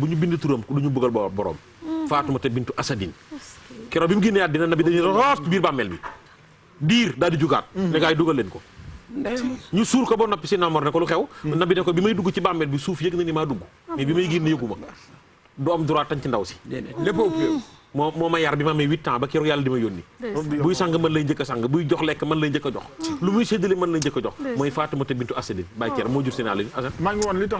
bu ñu bind turam du ñu bëggal borom. Faatumata bintu Asadin. keroog bi mu génnee àddina nabi dañuy roos biir bàmmeel bi. diir daal di jugaat. Mm. ne gaay ko. ñu suul ko ba noppi si namor ne ko lu xew. Mm. nabi ne ko bi may dugg ci bàmmeel bi suuf yëg na ni maa dugg. mais bi may génn yëguma du am droit tañ ci ndaw si. lépp moo moo ma yar bi ma amee huit ans ba keroog yàlla di ma yónni buy sang man lay njëkk a sang buy jox lekk man lay njëkk a jox mm. a